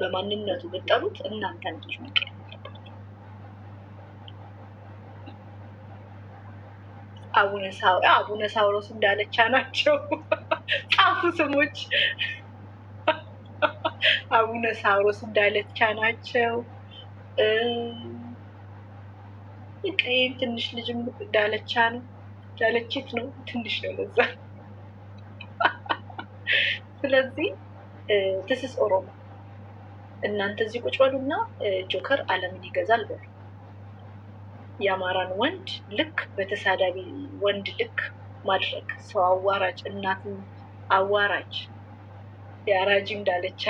በማንነቱ ብጠሩት እናንተ ልጆች መቀየር አቡነ ሳው አቡነ ሳውሮስ እንዳለቻ ናቸው። ጻፉ ስሞች አቡነ ሳውሮስ እንዳለቻ ናቸው። ይህም ትንሽ ልጅም እንዳለቻ ነው እንዳለችት ነው። ትንሽ ነው ለዛ። ስለዚህ ትስስ ኦሮሞ እናንተ እዚህ ቁጭ በሉና ጆከር አለምን ይገዛል በሉ። የአማራን ወንድ ልክ በተሳዳቢ ወንድ ልክ ማድረግ ሰው አዋራጭ እናትን አዋራጅ የአራጅ እንዳለች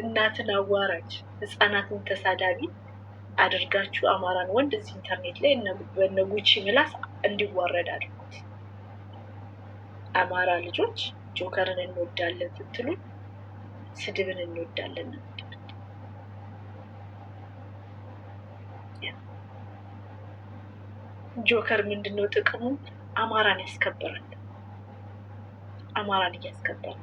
እናትን አዋራጅ ህፃናትን ተሳዳቢ አድርጋችሁ አማራን ወንድ እዚህ ኢንተርኔት ላይ በነ ጉቺ ምላስ እንዲዋረድ አድርጉት። አማራ ልጆች ጆከርን እንወዳለን ስትሉ ስድብን እንወዳለን። ጆከር ምንድን ነው ጥቅሙ? አማራን ያስከብራል። አማራን እያስከበረ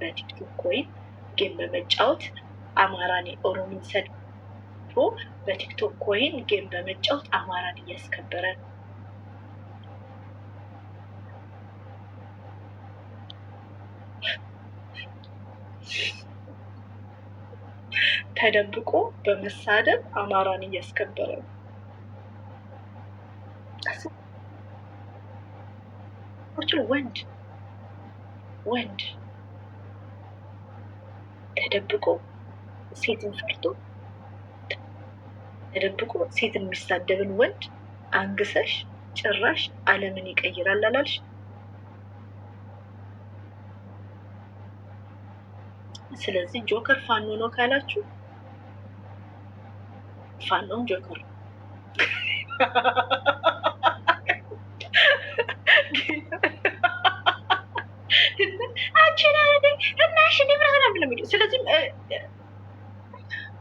በቲክቶክ ወይም ጌም በመጫወት አማራን ኦሮሞን ሰድቦ በቲክቶክ ኮይን ጌም በመጫወት አማራን እያስከበረ ነው። ተደብቆ በመሳደብ አማራን እያስከበረ ነው። ወንድ ወንድ ተደብቆ ሴትን ፈርቶ ተደብቆ ሴትን የሚሳደብን ወንድ አንግሰሽ ጭራሽ ዓለምን ይቀይራል አላልሽ? ስለዚህ ጆከር ፋኖ ነው ካላችሁ ፋኖም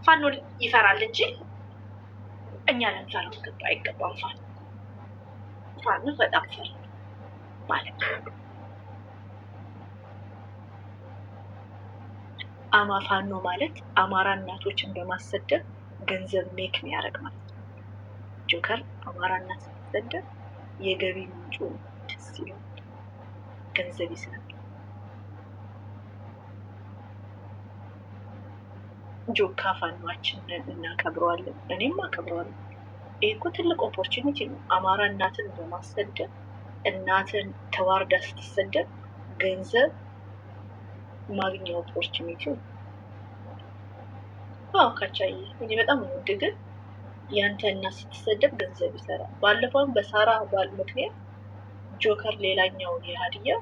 ፋኖ uh, uh, ይፈራል እንጂ እኛ ገባ አይገባም። ፋኖ ፋኖ በጣም ፈሪ ማለት አማ ፋኖ ማለት አማራ እናቶችን በማሰደብ ገንዘብ ሜክ የሚያደርግ ማለት ነው። ጆከር አማራና ስትሰደብ የገቢ ምንጩ ደስ ይላል፣ ገንዘብ ይስላል። ጆካ ፋኗችን እናከብረዋለን፣ እኔም አከብረዋለን ይህ እኮ ትልቅ ኦፖርቹኒቲ ነው። አማራ እናትን በማሰደብ እናትን ተዋርዳ ስትሰደብ ገንዘብ ማግኛ ኦፖርቹኒቲ ነው። አዎ ካቻዬ እኔ በጣም ውድ ግን ያንተ እና ስትሰደብ ገንዘብ ይሰራል። ባለፈውም በሳራ ባል ምክንያት ጆከር ሌላኛው የሀዲያ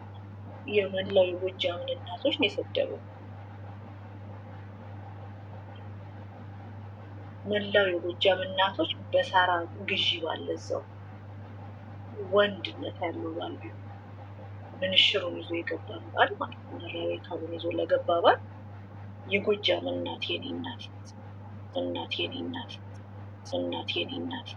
የመላው የጎጃምን እናቶች ነው የሰደበው። መላው የጎጃም እናቶች በሳራ ግዢ ባለዛው ወንድነት ያለው ባል ምንሽሩን ይዞ የገባ ባል ማለት ነው። ካቡን ይዞ ለገባ ባል የጎጃም እናት የኔ እናት እናት የኔ እናት እናት የኔ እናት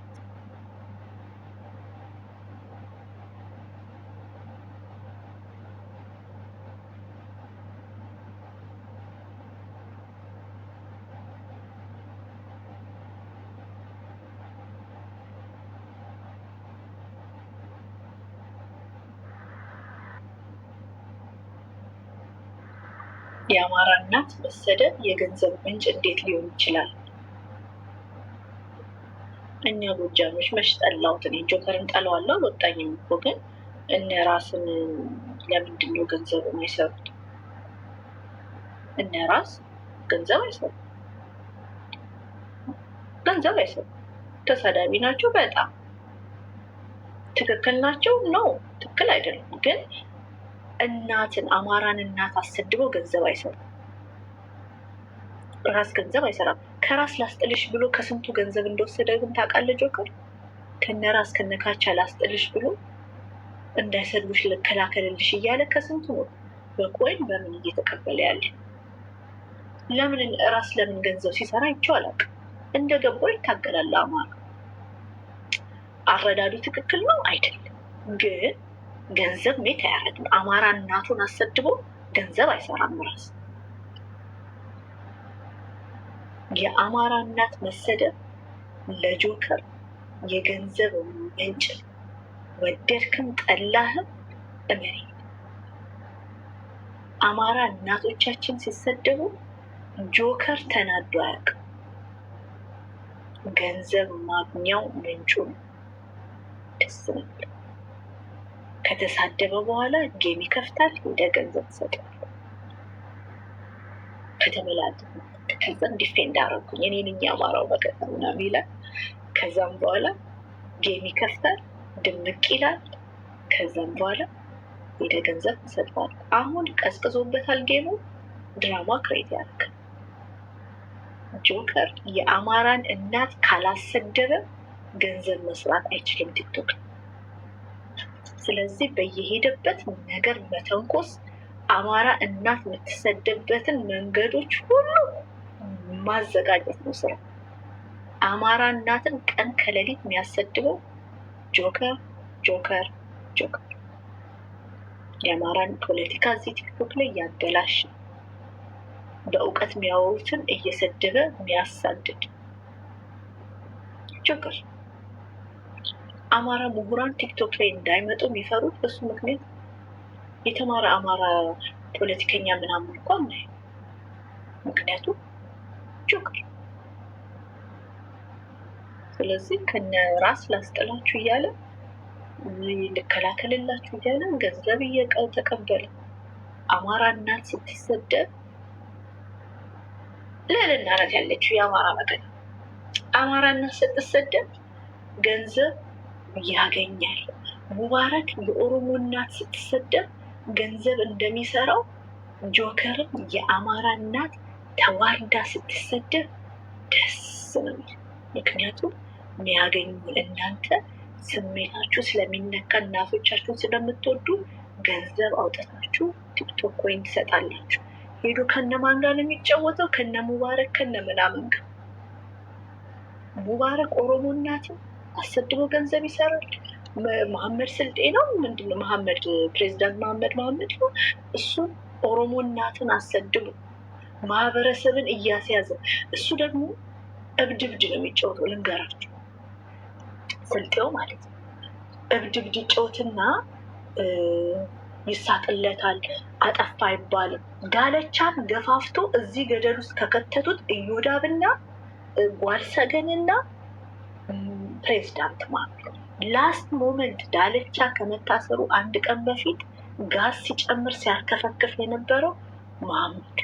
የአማራ እናት መሰደብ የገንዘብ ምንጭ እንዴት ሊሆን ይችላል? እኛ ጎጃኖች መች ጠላሁት? እኔ ጆከርን ጠለዋለሁ አልወጣኝም እኮ ግን እነ ራስን ለምንድን ነው ገንዘብ የማይሰሩት? እነ ራስ ገንዘብ አይሰሩ ገንዘብ አይሰሩ ተሳዳቢ ናቸው። በጣም ትክክል ናቸው ነው ትክክል አይደለም ግን እናትን አማራን እናት አሰድቦ ገንዘብ አይሰራም። ራስ ገንዘብ አይሰራም። ከራስ ላስጥልሽ ብሎ ከስንቱ ገንዘብ እንደወሰደ ግን ታውቃለህ ጆከር? ከነ ራስ ከነካቻ ላስጥልሽ ብሎ እንዳይሰድቡሽ ልከላከልልሽ እያለ ከስንቱ ነው በቆይን በምን እየተቀበለ ያለ። ለምን ራስ ለምን ገንዘብ ሲሰራ አይቼው አላውቅም። እንደ ገባው ይታገላል። አማራ አረዳዱ ትክክል ነው አይደለም ግን ገንዘብ ሜክ አያደርግም። አማራ እናቱን አሰድቦ ገንዘብ አይሰራም። ራስ የአማራ እናት መሰደብ ለጆከር የገንዘብ ምንጭ ወደድክም ጠላህም። እመሪ አማራ እናቶቻችን ሲሰደቡ ጆከር ተናዶ አያውቅም። ገንዘብ ማግኛው ምንጩ ነው። ደስ ከተሳደበ በኋላ ጌም ይከፍታል። እንደ ገንዘብ ይሰጣል። ከተመላል ከዛም ዲፌንድ አረጉኝ እኔን እያማራው በቀጥ ምናምን ይላል። ከዛም በኋላ ጌም ይከፍታል፣ ድምቅ ይላል። ከዛም በኋላ ወደ ገንዘብ ተሰጥቷል። አሁን ቀዝቅዞበታል ጌሙ። ድራማ ክሬት ያደርግ ጆከር የአማራን እናት ካላሰደበ ገንዘብ መስራት አይችልም ቲክቶክ ስለዚህ በየሄደበት ነገር መተንኮስ፣ አማራ እናት የምትሰደበትን መንገዶች ሁሉ ማዘጋጀት ነው ስራ። አማራ እናትን ቀን ከሌሊት የሚያሰድበው ጆከር ጆከር ጆከር የአማራን ፖለቲካ እዚህ ቲክቶክ ላይ ያበላሽ፣ በእውቀት የሚያወሩትን እየሰደበ የሚያሳድድ ጆከር አማራ ምሁራን ቲክቶክ ላይ እንዳይመጡ የሚፈሩት በሱ ምክንያት የተማረ አማራ ፖለቲከኛ ምናምን እንኳን ና ምክንያቱም ጆከር። ስለዚህ ከነ ራስ ላስጥላችሁ እያለ ልከላከልላችሁ እያለ ገንዘብ እየቀው ተቀበለ። አማራ እናት ስትሰደብ ልዕልና ያለችው የአማራ መቀለ። አማራ እናት ስትሰደብ ገንዘብ ያገኛል። ሙባረክ የኦሮሞ እናት ስትሰደብ ገንዘብ እንደሚሰራው ጆከርም የአማራ እናት ተዋርዳ ስትሰደብ ደስ ነው። ምክንያቱም የሚያገኙ እናንተ ስሜታችሁ ስለሚነካ እናቶቻችሁን ስለምትወዱ ገንዘብ አውጥታችሁ ቲክቶክ ኮይን ትሰጣላችሁ። ሄዶ ከነማን ጋር ነው የሚጫወተው? ከነ ሙባረክ ከነ ምናምን ጋር ሙባረክ ኦሮሞ እናትም አሰድቦ ገንዘብ ይሰራል። መሀመድ ስልጤ ነው ምንድን ነው መሀመድ ፕሬዚዳንት መሀመድ መሀመድ ነው እሱ ኦሮሞ እናትን አሰድቦ ማህበረሰብን እያስያዘ እሱ ደግሞ እብድ እብድ ነው የሚጫወተው። ልንገራቸው ስልጤው ማለት ነው እብድ እብድ ይሳቅለታል። አጠፋ አይባልም። ጋለቻን ገፋፍቶ እዚህ ገደል ውስጥ ከከተቱት እዮዳብና ጓልሰገንና ፕሬዚዳንት ማለት ነው። ላስት ሞመንት ዳለቻ ከመታሰሩ አንድ ቀን በፊት ጋዝ ሲጨምር ሲያርከፈክፍ የነበረው ማህሙድ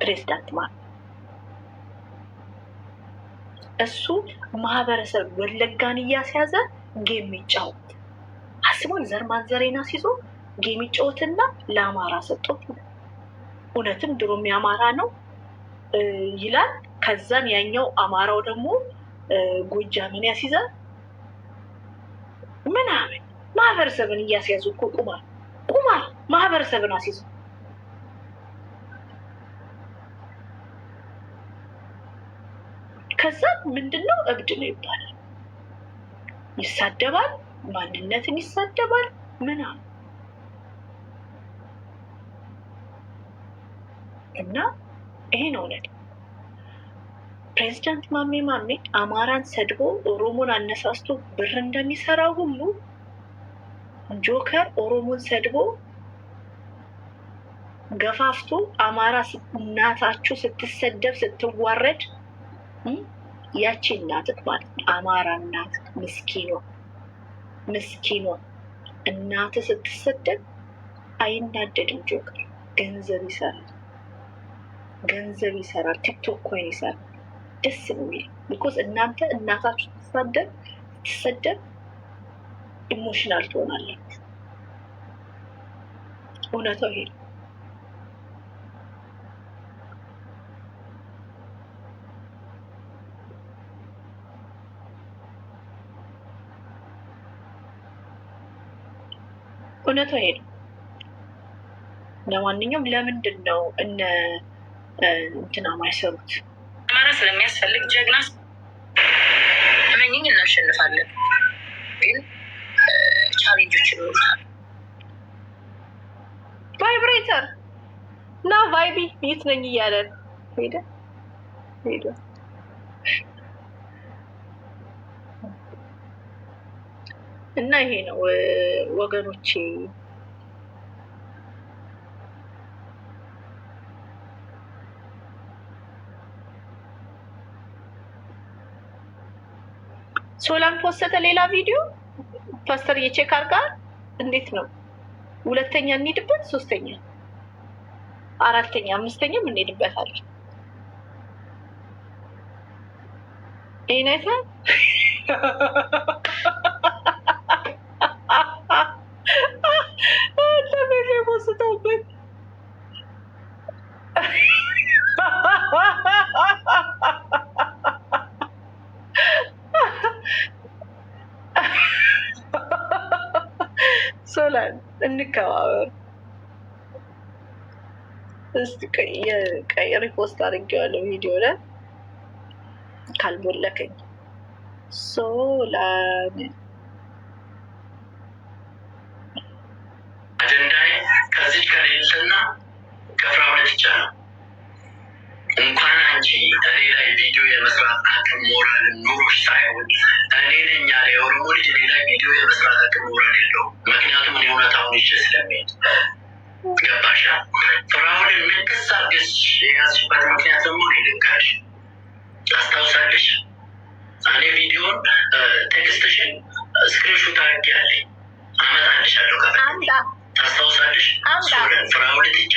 ፕሬዚዳንት ማለት ነው። እሱ ማህበረሰብ ወለጋን እያስያዘ ጌም ይጫወት አስቦን ዘር ማንዘሬን ሲዞ ጌም ይጫወትና ለአማራ ሰጦት እውነትም ድሮም የአማራ ነው ይላል። ከዛን ያኛው አማራው ደግሞ ጎጃምን ያስይዛል ምናምን ማህበረሰብን እያስያዙ እኮ ቁማር ቁማር ማህበረሰብን አስይዙ። ከዛ ምንድነው እብድ ነው ይባላል፣ ይሳደባል፣ ማንነትን ይሳደባል ምናምን እና ይሄ ነው እውነት። ፕሬዚዳንት ማሜ ማሜ አማራን ሰድቦ ኦሮሞን አነሳስቶ ብር እንደሚሰራው ሁሉ ጆከር ኦሮሞን ሰድቦ ገፋፍቶ አማራ እናታችሁ ስትሰደብ ስትዋረድ ያቺ እናትህ ማለት ነው። አማራ እናት ምስኪኖ ምስኪኖ እናት ስትሰደብ አይናደድም። ጆከር ገንዘብ ይሰራል፣ ገንዘብ ይሰራል፣ ቲክቶክ ኮይን ይሰራል። ደስ ነው የሚል ቢኮዝ እናንተ እናታችሁ ትሳደብ ትሰደብ ኢሞሽናል ትሆናላችሁ። እውነታው ይሄ ነው። እውነታው ይሄ ነው። ለማንኛውም ለምንድን ነው እነ እንትና ማይሰሩት? ጀግና ስለሚያስፈልግ ጀግና ምኝኝ እናሸንፋለን። ግን ቻሌንጆች ይኖሩታል። ቫይብሬተር እና ቫይቢ የት ነኝ እያለን ሄደ ሄደ እና ይሄ ነው ወገኖቼ። ሶላን ፖስተ ሌላ ቪዲዮ ፓስተር የቼክ አርጋ እንዴት ነው ሁለተኛ እንሄድበት፣ ሶስተኛ፣ አራተኛ፣ አምስተኛ እንሄድበት አለ። እንከባበር። ቀይ ሪፖስት አድርጌዋለሁ ቪዲዮ ላይ ካልቦለከኝ ሶላን አጀንዳዬ ከዚህ ከሌለና ከፍራ ሁለት እንኳን አንቺ ከሌላ ቪዲዮ የመስራት አቅም ሞራልን ኑሮች ሳይሆን እኔ ነኝ ያለ የኦሮሞ ልጅ ሌላ ቪዲዮ የመስራት አቅም ውረድ የለውም። ምክንያቱም እኔ እውነታውን ይዤ ስለሚሄድ ገባሻ። ፍራኦልን ምንቅስ የያዝሽበት ምክንያት ደግሞ እኔ ልንገርሽ። እኔ ቪዲዮን ቴክስትሽን ስክሪንሾት አድርጌ ያለኝ አመጣልሻለሁ። ከፍ ታስታውሳለሽ? ፍራኦል ትቻ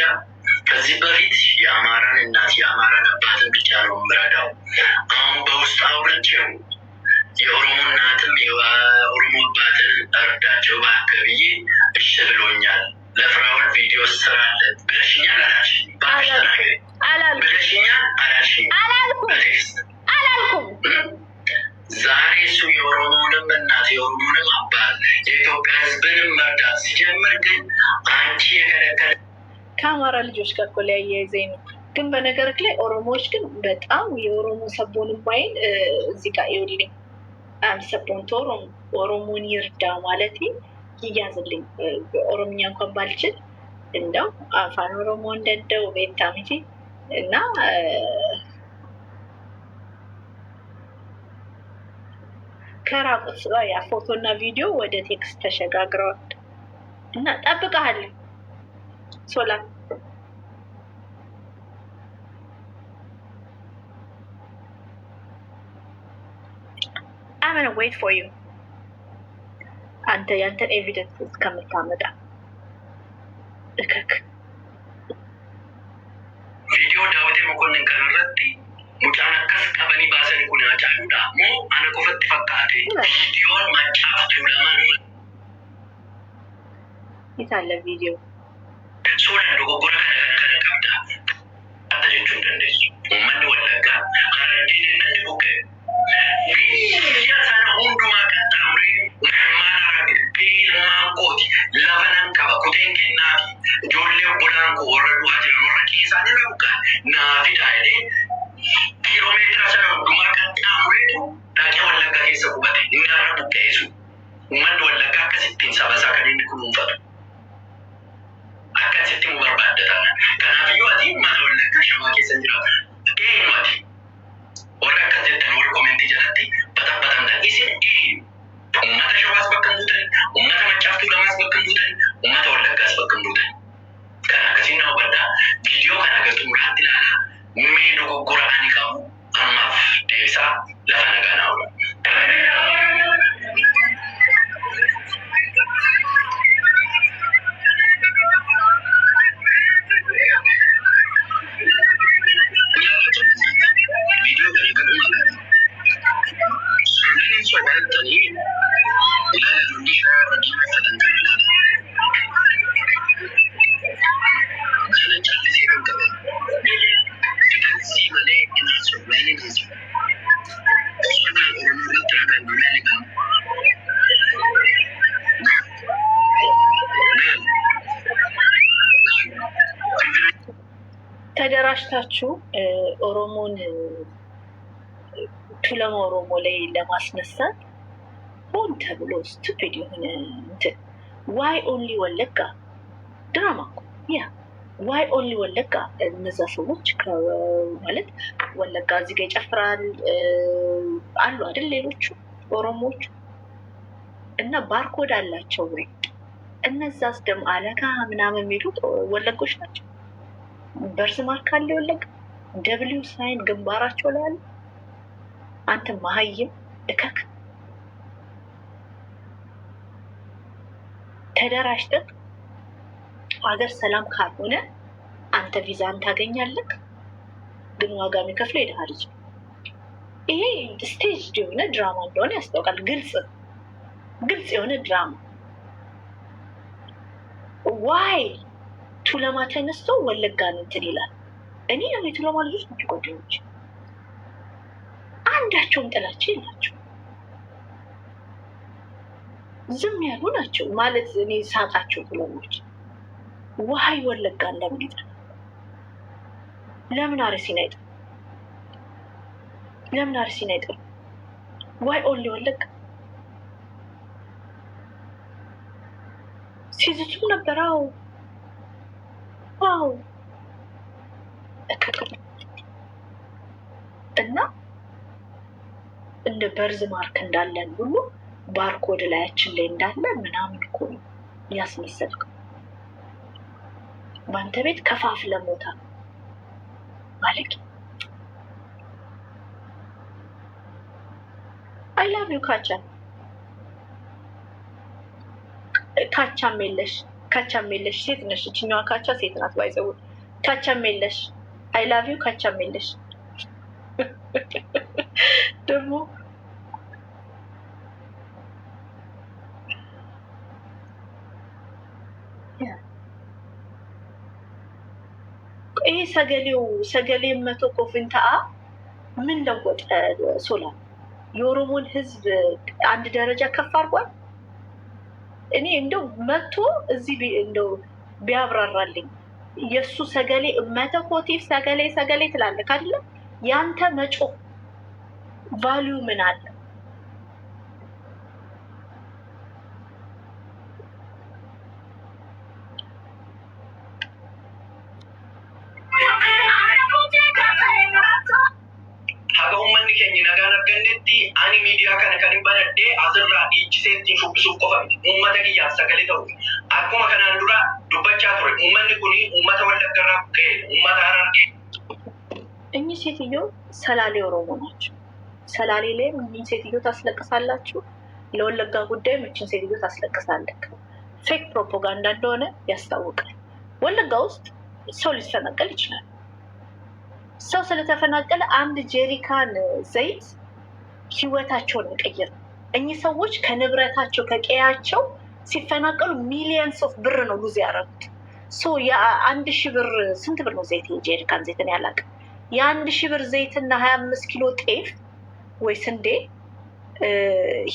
ከዚህ በፊት የአማራን እናት የአማራን አባትን ብቻ ነው የምረዳው። አሁን በውስጥ አውርቼው የኦሮሞ እናትም የኦሮሞ አባትን እርዳቸው እባክህ ብዬ እሺ ብሎኛል። ለፍራውን ቪዲዮ ስራለት ብለሽኛል አላልሽ ብለሽኛል አላልሽ አላልኩም። ዛሬ እሱ የኦሮሞንም እናት የኦሮሞንም አባት የኢትዮጵያ ሕዝብንም መርዳት ሲጀምር ግን አንቺ የከለከለ ከአማራ ልጆች ጋር እኮ ሊያያይዘኝ ነው። ግን በነገር ላይ ኦሮሞዎች ግን በጣም የኦሮሞ ሰቦንም ባይን እዚህ ጋር ይውልኝ አንሰፖንቶ ኦሮሞን ይርዳ ማለት ይያዝልኝ። ኦሮምኛ እንኳን ባልችል እንደው አፋን ኦሮሞ እንደደው ቤታምቲ እና ከራቁት ያ ፎቶ እና ቪዲዮ ወደ ቴክስት ተሸጋግረዋል እና ጠብቀሃል ሶላ አመን ዌይት ፎር ዩ አንተ ያንተን ኤቪደንስ እስከምታመጣ እከክ ቪዲዮ ዳዊት መኮንን ከነረቲ ሙጫን ቀበኒ ባሰን ኩን አጫንዳ ሞ አነቆፈት ፈቃቴ ቪዲዮን ማጫፍቱ ለማን ይታለ ቪዲዮ ተደራጅታችሁ ኦሮሞን ቱለማ ኦሮሞ ላይ ለማስነሳት ሆን ተብሎ ስቱፒድ የሆነ እንትን ዋይ ኦንሊ ወለጋ ድራማ እኮ ያ ዋይ ኦንሊ ወለጋ። እነዛ ሰዎች ማለት ወለጋ እዚህ ይጨፍራል አሉ አይደል? ሌሎቹ ኦሮሞዎቹ እና ባርኮድ አላቸው ወይ? እነዛስ ደግሞ አለጋ ምናምን የሚሉት ወለጎች ናቸው። በርስ ማርክ አለ ደብሊው ሳይን ግንባራቸው ላይ አለ። አንተ መሀይም እከክ ተደራጅተህ ሀገር ሰላም ካልሆነ አንተ ቪዛን ታገኛለህ፣ ግን ዋጋ የሚከፍለው የድሃ ይሄ ስቴጅ የሆነ ድራማ እንደሆነ ያስታውቃል። ግልጽ ግልጽ የሆነ ድራማ ዋይ ቹለማ ተነስቶ ወለጋን እንትን ይላል። እኔ የቱለማ ልጆች ናቸው ጓደኞች፣ አንዳቸውም ጥላቸው የላቸው ዝም ያሉ ናቸው ማለት እኔ ሳቃቸው ቱለማዎች ውሀይ ወለጋ እንደምን ይጠ ለምን አርሲን አይጠ ለምን አርሲን አይጠ ዋይ ኦንሊ ወለጋ ሲዝቱም ነበረው ዋው እና እንደ በርዝ ማርክ እንዳለን ሁሉ ባርኮድ ላያችን ላይ እንዳለ ምናምን እኮ ነው ያስመሰልከው። በአንተ ቤት ከፋፍ ለሞታ ማለት አይላቪው ካቻ ካቻም የለሽ ካቻም የለሽ ሴት ነሽ። እችኛዋ ካቻ ሴት ናት። ባይዘው ካቻም የለሽ አይ ላቭ ዩ ካቻም የለሽ ደግሞ ይሄ ሰገሌው ሰገሌ መቶ ኮፍንታአ ምን ለወጠ? ሶላ የኦሮሞን ህዝብ አንድ ደረጃ ከፍ አድርጓል። እኔ እንደው መቶ እዚህ እንደው ቢያብራራልኝ የእሱ ሰገሌ መተ ኮቲፍ ሰገሌ ሰገሌ ትላለህ አይደለም ያንተ መጮ ቫሊዩ ምን አለ? warreen ijaan sagalee ta'u akkuma kanaan dura dubbachaa ture uummanni kun uummata wallagga irraa bukkee እኚህ ሴትዮ ሰላሌ ኦሮሞ ናቸው። ሰላሌ ላይም እኚህን ሴትዮ ታስለቅሳላችሁ። ለወለጋ ጉዳይ እችን ሴትዮ ታስለቅሳለክ። ፌክ ፕሮፓጋንዳ እንደሆነ ያስታውቃል። ወለጋ ውስጥ ሰው ሊፈናቀል ይችላል። ሰው ስለተፈናቀለ አንድ ጄሪካን ዘይት ህይወታቸውን ይቀይር። እኚህ ሰዎች ከንብረታቸው ከቀያቸው ሲፈናቀሉ ሚሊየንስ ኦፍ ብር ነው ሉዝ ያደረጉት። ሶ የአንድ ሺህ ብር ስንት ብር ነው ዘይት እንጂ የድካን ዘይትን ያላቅ የአንድ ሺህ ብር ዘይትና ሀያ አምስት ኪሎ ጤፍ ወይ ስንዴ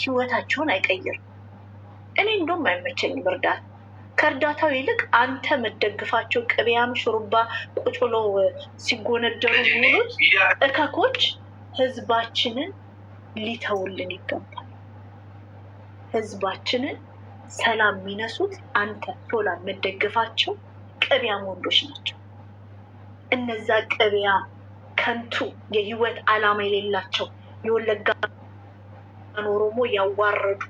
ህይወታቸውን አይቀይርም። እኔ እንደውም አይመቸኝም እርዳታ ከእርዳታው ይልቅ አንተ መደግፋቸው ቅቤያም ሹሩባ ቁጭ ብለው ሲጎነደሩ የሚውሉት እከኮች ህዝባችንን ሊተውልን ይገባል። ህዝባችንን ሰላም የሚነሱት አንተ ቶላ መደገፋቸው ቅቢያም ወንዶች ናቸው። እነዛ ቅቢያ ከንቱ የህይወት አላማ የሌላቸው የወለጋ ኦሮሞ ያዋረዱ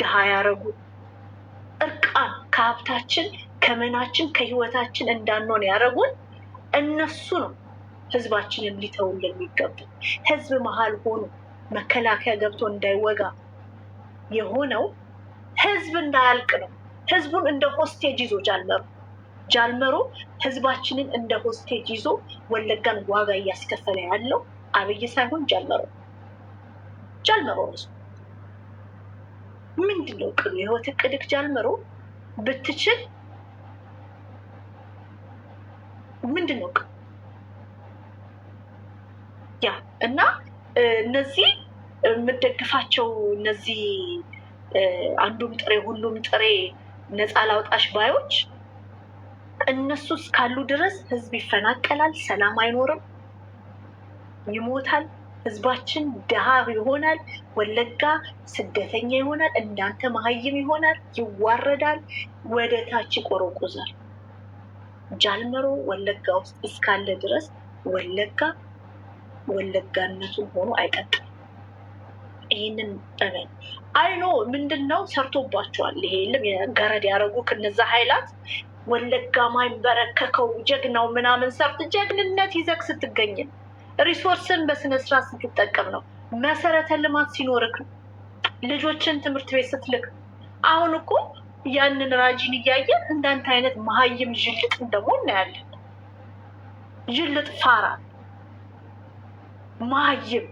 ድሃ ያረጉ እርቃን ከሀብታችን ከምናችን ከህይወታችን እንዳንሆን ያደረጉን እነሱ ነው። ህዝባችንም ሊተውልን የሚገቡ ህዝብ መሀል ሆኖ መከላከያ ገብቶ እንዳይወጋ የሆነው ህዝብ እንዳያልቅ ነው። ህዝቡን እንደ ሆስቴጅ ይዞ ጃልመሩ ጃልመሮ ህዝባችንን እንደ ሆስቴጅ ይዞ ወለጋን ዋጋ እያስከፈለ ያለው አብይ ሳይሆን ጃልመሮ ጃልመሮ ነው። ምንድን ነው እቅዱ? የህይወት እቅድክ ጃልመሮ ብትችል ምንድን ነው ያ እና እነዚህ የምደግፋቸው እነዚህ አንዱም ጥሬ ሁሉም ጥሬ ነፃ ላውጣሽ ባዮች እነሱ እስካሉ ድረስ ህዝብ ይፈናቀላል፣ ሰላም አይኖርም፣ ይሞታል፣ ህዝባችን ድሃ ይሆናል፣ ወለጋ ስደተኛ ይሆናል፣ እናንተ መሀይም ይሆናል፣ ይዋረዳል፣ ወደ ታች ይቆረቁዛል። ጃልመሮ ወለጋ ውስጥ እስካለ ድረስ ወለጋ ወለጋነቱ ሆኖ አይቀጥልም። ይህንን እመን። አይኖ ምንድን ነው ሰርቶባቸዋል። ይሄ የለም ገረድ ያደረጉ ከነዛ ኃይላት ወለጋ ማይንበረከከው ጀግናው ምናምን ሰርት ጀግንነት ይዘግ ስትገኝን ሪሶርስን በስነስርዓት ስትጠቀም ነው። መሰረተ ልማት ሲኖርክ ልጆችን ትምህርት ቤት ስትልክ አሁን እኮ ያንን ራጅን እያየን እንዳንተ አይነት መሀይም ዥልጥ ደግሞ እናያለን። ዥልጥ ፋራ መሀይም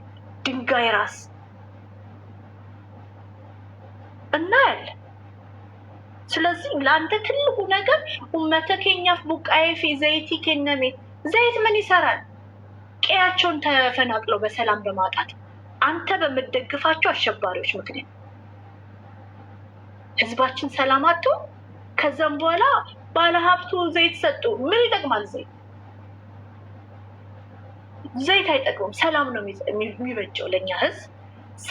ድንጋይ ራስ እናያለን። ስለዚህ ለአንተ ትልቁ ነገር ኡመተ ኬኛፍ ቡቃዬፊ ዘይቲ ኬነሜ ዘይት ምን ይሰራል? ቀያቸውን ተፈናቅለው በሰላም በማጣት አንተ በምደግፋቸው አሸባሪዎች ምክንያት ህዝባችን ሰላም አቶ ከዛም በኋላ ባለሀብቱ ዘይት ሰጡ። ምን ይጠቅማል ዘይት? ዘይት አይጠቅምም። ሰላም ነው የሚበጀው ለእኛ ህዝብ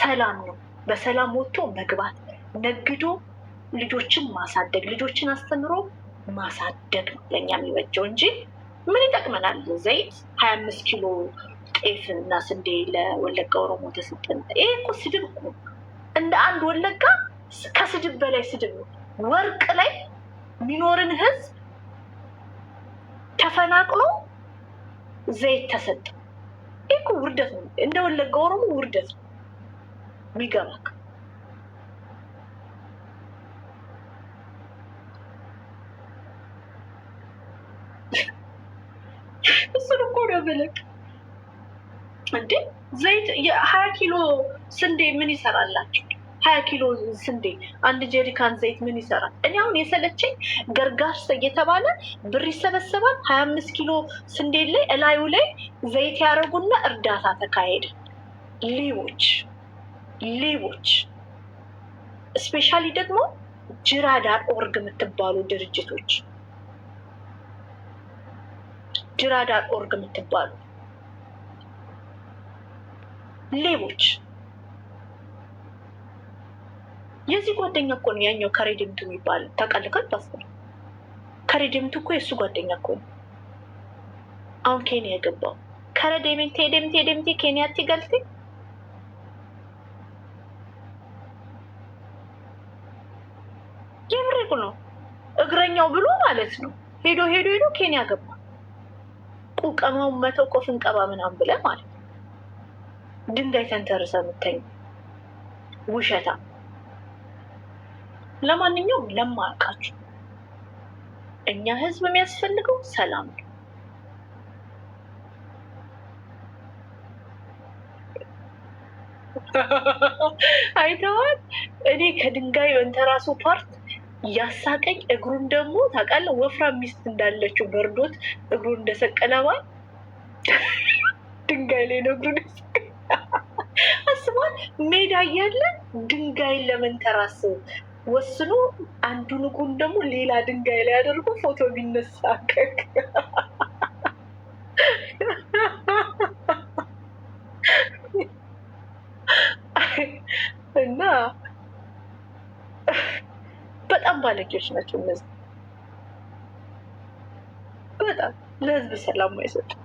ሰላም ነው። በሰላም ወጥቶ መግባት ነግዶ ልጆችን ማሳደግ ልጆችን አስተምሮ ማሳደግ ለኛ የሚበጀው እንጂ ምን ይጠቅመናል? ዘይት ሀያ አምስት ኪሎ ጤፍ እና ስንዴ ለወለጋ ኦሮሞ ተሰጠን። ይሄ እኮ ስድብ እኮ እንደ አንድ ወለጋ ከስድብ በላይ ስድብ ነው። ወርቅ ላይ የሚኖርን ህዝብ ተፈናቅሎ ዘይት ተሰጠ። ይሄ እኮ ውርደት ነው። እንደ ወለጋ ኦሮሞ ውርደት ነው የሚገባ ብልቅ እንዴ ዘይት ሀያ ኪሎ ስንዴ ምን ይሰራላችሁ? ሀያ ኪሎ ስንዴ አንድ ጀሪካን ዘይት ምን ይሰራል? እኔ አሁን የሰለቸኝ ገርጋርሰ እየተባለ ብር ይሰበሰባል። ሀያ አምስት ኪሎ ስንዴ ላይ እላዩ ላይ ዘይት ያደረጉና እርዳታ ተካሄደ። ሌቦች ሌቦች፣ ስፔሻሊ ደግሞ ጅራዳር ኦርግ የምትባሉ ድርጅቶች ጅራዳ ኦርግ የምትባሉ ሌቦች። የዚህ ጓደኛ እኮ ነው ያኛው ከሬድምቱ የሚባል ተቀልቀል ባስ ከሬድምቱ እኮ የእሱ ጓደኛ እኮ ነው አሁን ኬንያ የገባው። ከረዴምቴ ደምቴ ደምቴ ኬንያ ትገልቴ የምሬቁ ነው እግረኛው ብሎ ማለት ነው ሄዶ ሄዶ ሄዶ ኬንያ ገባ። ቁቀማው መተው ቆፍን ቀባ ምናምን ብለህ ማለት ነው። ድንጋይ ተንተርሰ የምተኝ ውሸታ። ለማንኛውም ለማያውቃችሁ እኛ ህዝብ የሚያስፈልገው ሰላም ነው። አይተዋል። እኔ ከድንጋይ እንተራሱ ፓርት ያሳቀኝ እግሩን ደግሞ ታውቃለህ፣ ወፍራም ሚስት እንዳለችው በርዶት እግሩን እንደሰቀለባል ድንጋይ ላይ ነው እግሩን አስቧል። ሜዳ እያለ ድንጋይን ለመንተራስ ወስኖ አንዱን እግሩን ደግሞ ሌላ ድንጋይ ላይ አድርጎ ፎቶ ቢነሳቀቅ እና በጣም ባለጌዎች ናቸው እነዚህ። በጣም ለህዝብ ሰላም አይሰጡም።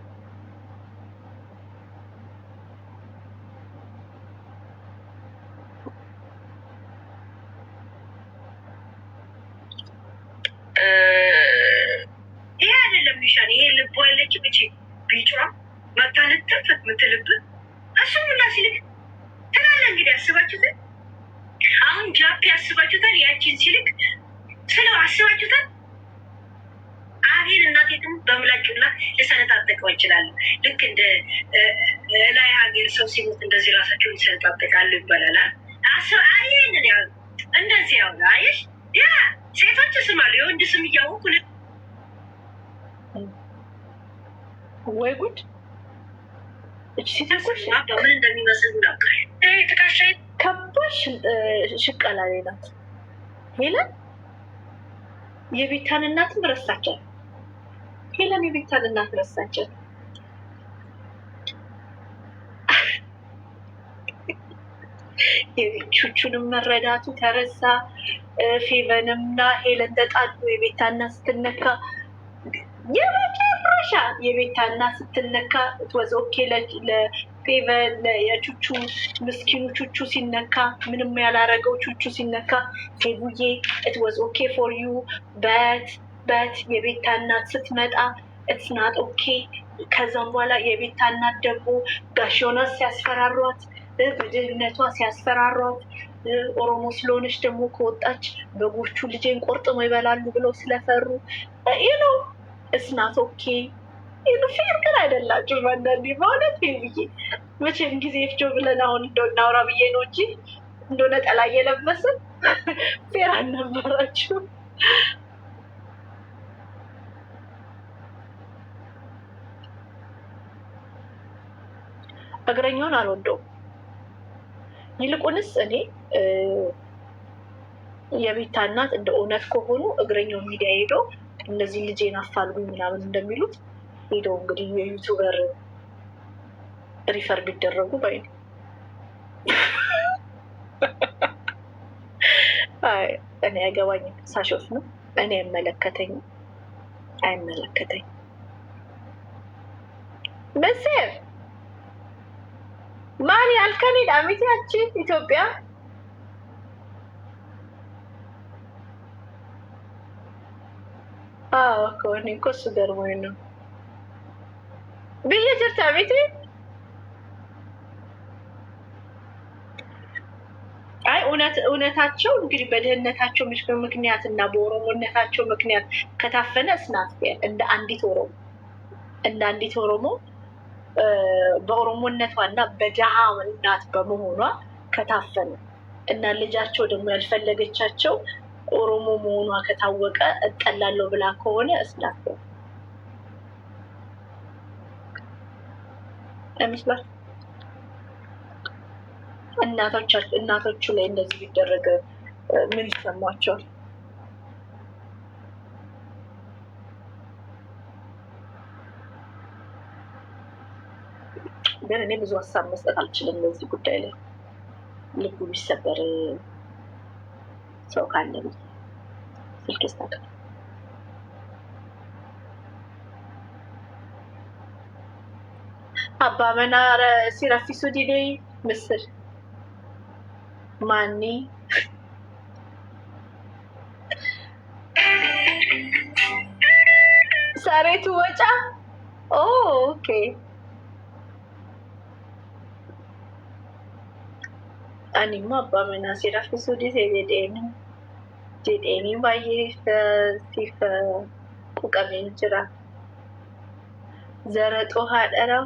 የቤታን እናትም ረሳቸው። ሄለን የቤታን እናት ረሳቸው። የቹቹንም መረዳቱ ተረሳ። ፌቨንምና ሄለን ተጣሉ። የቤታ እናት ስትነካ የመጨረሻ የቤታ እናት ስትነካ ወዘ ኦኬ የቹቹ ምስኪኑ ቹቹ ሲነካ ምንም ያላረገው ቹቹ ሲነካ ቴቡዬ ኢትወዝ ኦኬ ፎር ዩ በት በት የቤታ እናት ስትመጣ እትናት ኦኬ። ከዛም በኋላ የቤታ እናት ደግሞ ጋሽ ሲያስፈራሯት፣ በድህነቷ ሲያስፈራሯት ኦሮሞ ስለሆነች ደግሞ ከወጣች በጎቹ ልጄን ቆርጥመው ይበላሉ ብለው ስለፈሩ ይህ ነው እስናት ኦኬ ፌር ግን አይደላችሁም። አንዳንዴ በእውነት ብዬ መቼም ጊዜ ፍጆ ብለን አሁን እንደው እናውራ ብዬ ነው እንጂ እንደ ነጠላ እየለበስን ፌር አልነበራችሁም። እግረኛውን አልወደውም። ይልቁንስ እኔ የቤታ እናት እንደ እውነት ከሆኑ እግረኛው ሚዲያ ሄዶ እነዚህ ልጄን አፋልጉኝ ምናምን እንደሚሉት ሄደው እንግዲህ የዩቱበር ሪፈር ቢደረጉ ባይ እኔ ያገባኝ ሳሾፍ ነው እኔ አይመለከተኝ አይመለከተኝ በሴር ማን ያልከኒ ዳሚቲያችን ኢትዮጵያ አዎ እኮ እኔ እኮ እሱ ገርሞኝ ነው። በየቸርች ቤቴ አይ እውነት እውነታቸው እንግዲህ በድህነታቸው ምክንያት እና በኦሮሞነታቸው ምክንያት ከታፈነ እስናት እንደ አንዲት ኦሮሞ እንደ አንዲት ኦሮሞ በኦሮሞነቷ እና በድሃ እናት በመሆኗ ከታፈነ እና ልጃቸው ደግሞ ያልፈለገቻቸው ኦሮሞ መሆኗ ከታወቀ እጠላለሁ ብላ ከሆነ እስናት ይመስላል እናቶች እናቶቹ ላይ እንደዚህ ቢደረግ ምን ይሰማቸዋል? ግን እኔ ብዙ ሀሳብ መስጠት አልችልም በዚህ ጉዳይ ላይ ልቡ የሚሰበር ሰው ካለ ስልክ ስታቀል abbaa manaa si raffisuu didee misir maanni sareetu ወጫ ኦኬ አኒማ አባ መና ሲራፊሱ ዲሴ ጀዴኒ ጀዴኒ ባዬ ሲፈ ቁቀሜ ጅራ ዘረጦ ሀደራው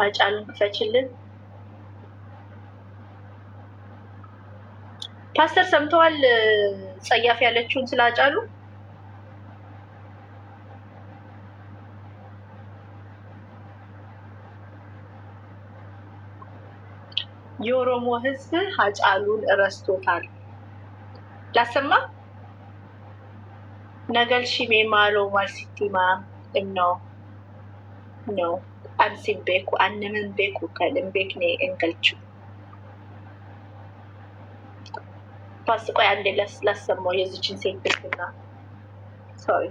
ፓጫሉን ክፈችልን። ፓስተር ሰምተዋል ጸያፍ ያለችውን ስላጫሉ የኦሮሞ ህዝብ ሀጫሉን እረስቶታል። ላሰማ ነገል ሽሜ ማሎ ማልሲቲማ ነው ነው ansi beeku anni min beeku kan hin beekne engalchu ፓስ ቆይ አንዴ ላሰማው የዚችን ሴት ቤትና ሰሪ